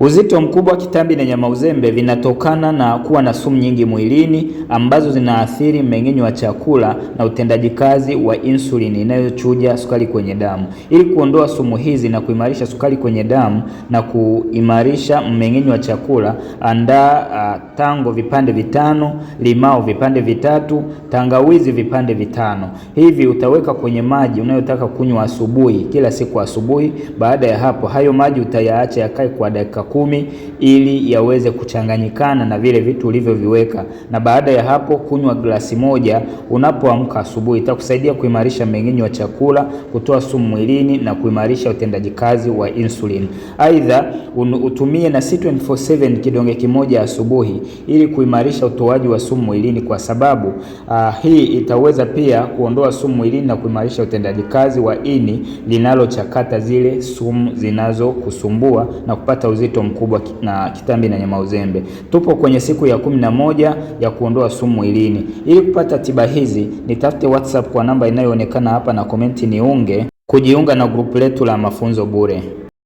Uzito mkubwa kitambi na nyama uzembe vinatokana na kuwa na sumu nyingi mwilini ambazo zinaathiri mmeng'enyo wa chakula na utendaji kazi wa insulini inayochuja sukari kwenye damu. Ili kuondoa sumu hizi na kuimarisha sukari kwenye damu na kuimarisha mmeng'enyo wa chakula, andaa uh, tango vipande vitano, limao vipande vitatu, tangawizi vipande vitano. Hivi utaweka kwenye maji unayotaka kunywa asubuhi, kila siku asubuhi. Baada ya hapo, hayo maji utayaacha yakae kwa dakika kumi ili yaweze kuchanganyikana na vile vitu ulivyoviweka, na baada ya hapo kunywa glasi moja unapoamka asubuhi. Itakusaidia kuimarisha mmeng'enyo wa chakula, kutoa sumu mwilini na kuimarisha utendaji kazi wa insulin. Aidha, utumie na C24/7 kidonge kimoja asubuhi ili kuimarisha utoaji wa sumu mwilini, kwa sababu uh, hii itaweza pia kuondoa sumu mwilini na kuimarisha utendaji kazi wa ini linalochakata zile sumu zinazokusumbua na kupata uzito uzito mkubwa na kitambi na nyama uzembe. Tupo kwenye siku ya kumi na moja ya kuondoa sumu mwilini. Ili kupata tiba hizi, nitafute WhatsApp kwa namba inayoonekana hapa na komenti niunge kujiunga na grupu letu la mafunzo bure.